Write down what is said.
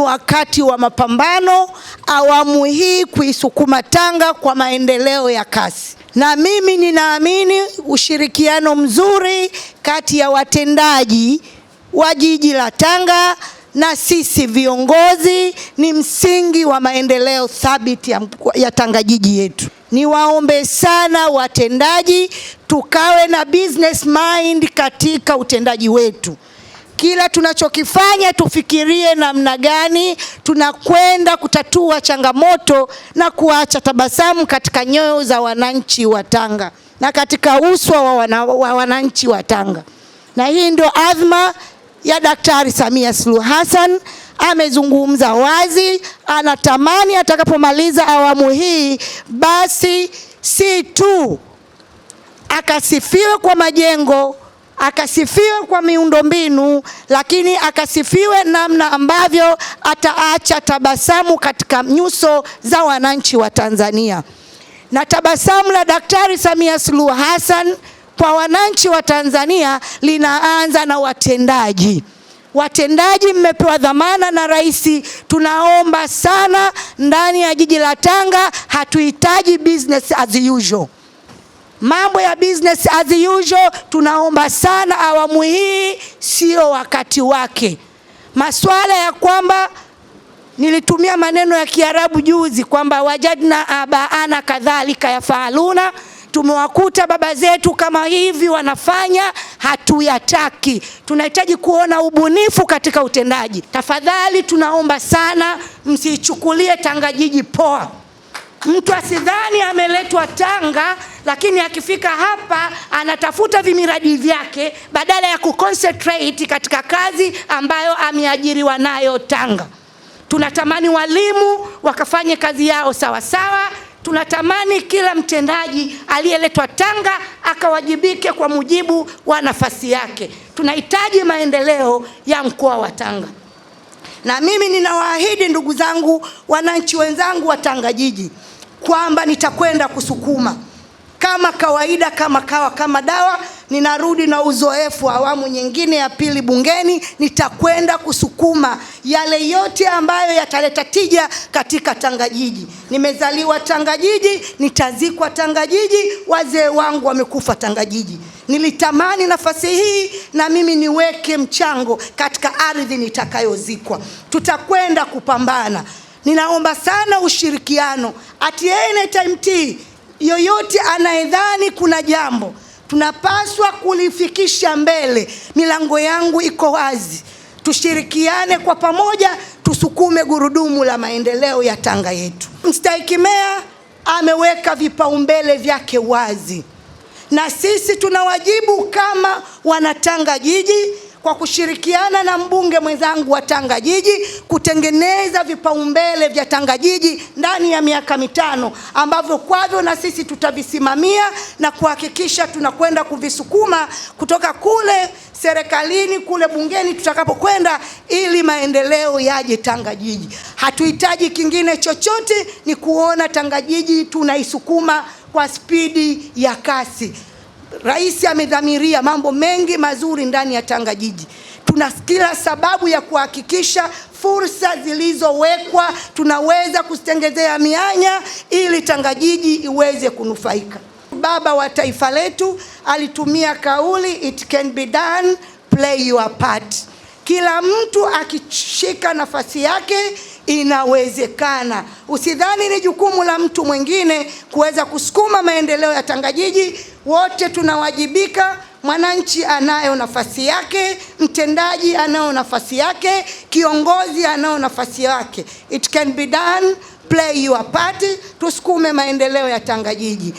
Wakati wa mapambano awamu hii kuisukuma Tanga kwa maendeleo ya kasi, na mimi ninaamini ushirikiano mzuri kati ya watendaji wa jiji la Tanga na sisi viongozi ni msingi wa maendeleo thabiti ya, ya Tanga jiji yetu. Niwaombe sana watendaji, tukawe na business mind katika utendaji wetu. Kila tunachokifanya tufikirie namna gani tunakwenda kutatua changamoto na kuacha tabasamu katika nyoyo za wananchi wa Tanga na katika uso wa, wana, wa wananchi wa Tanga. Na hii ndio adhma ya Daktari Samia Suluhu Hassan. Amezungumza wazi, anatamani atakapomaliza awamu hii basi si tu akasifiwe kwa majengo akasifiwe kwa miundombinu, lakini akasifiwe namna ambavyo ataacha tabasamu katika nyuso za wananchi wa Tanzania. Na tabasamu la Daktari Samia Suluhu Hassan kwa wananchi wa Tanzania linaanza na watendaji. Watendaji mmepewa dhamana na rais, tunaomba sana, ndani ya jiji la Tanga hatuhitaji business as usual. Mambo ya business as usual, tunaomba sana awamu hii sio wakati wake. Masuala ya kwamba nilitumia maneno ya Kiarabu juzi kwamba wajadna abaana kadhalika yafaaluna, tumewakuta baba zetu kama hivi wanafanya, hatuyataki. Tunahitaji kuona ubunifu katika utendaji. Tafadhali tunaomba sana, msichukulie Tanga jiji poa. Mtu asidhani ameletwa Tanga lakini akifika hapa anatafuta vimiradi vyake badala ya kuconcentrate katika kazi ambayo ameajiriwa nayo Tanga. Tunatamani walimu wakafanye kazi yao sawa sawa. Tunatamani kila mtendaji aliyeletwa Tanga akawajibike kwa mujibu wa nafasi yake. Tunahitaji maendeleo ya mkoa wa Tanga, na mimi ninawaahidi ndugu zangu, wananchi wenzangu wa Tanga jiji kwamba nitakwenda kusukuma kama kawaida, kama kawa, kama dawa. Ninarudi na uzoefu awamu nyingine ya pili bungeni, nitakwenda kusukuma yale yote ambayo yataleta tija katika Tanga Jiji. Nimezaliwa Tanga Jiji, nitazikwa Tanga Jiji, wazee wangu wamekufa Tanga Jiji. Nilitamani nafasi hii na mimi niweke mchango katika ardhi nitakayozikwa. Tutakwenda kupambana, ninaomba sana ushirikiano atiene tea yoyote anayedhani kuna jambo tunapaswa kulifikisha mbele, milango yangu iko wazi. Tushirikiane kwa pamoja, tusukume gurudumu la maendeleo ya Tanga yetu. Mstahiki Meya ameweka vipaumbele vyake wazi, na sisi tuna wajibu kama Wanatanga Jiji kwa kushirikiana na mbunge mwenzangu wa Tanga Jiji kutengeneza vipaumbele vya Tanga Jiji ndani ya miaka mitano ambavyo kwavyo na sisi tutavisimamia na kuhakikisha tunakwenda kuvisukuma kutoka kule serikalini kule bungeni tutakapokwenda, ili maendeleo yaje Tanga Jiji. Hatuhitaji kingine chochote, ni kuona Tanga Jiji tunaisukuma kwa spidi ya kasi. Rais amedhamiria mambo mengi mazuri ndani ya Tanga jiji. Tuna kila sababu ya kuhakikisha fursa zilizowekwa tunaweza kuzitengezea mianya ili Tanga jiji iweze kunufaika. Baba wa taifa letu alitumia kauli it can be done, play your part. Kila mtu akishika nafasi yake inawezekana. Usidhani ni jukumu la mtu mwingine kuweza kusukuma maendeleo ya Tangajiji. Wote tunawajibika. Mwananchi anayo nafasi yake, mtendaji anayo nafasi yake, kiongozi anayo nafasi yake. It can be done, play your part, tusukume maendeleo ya Tanga jiji.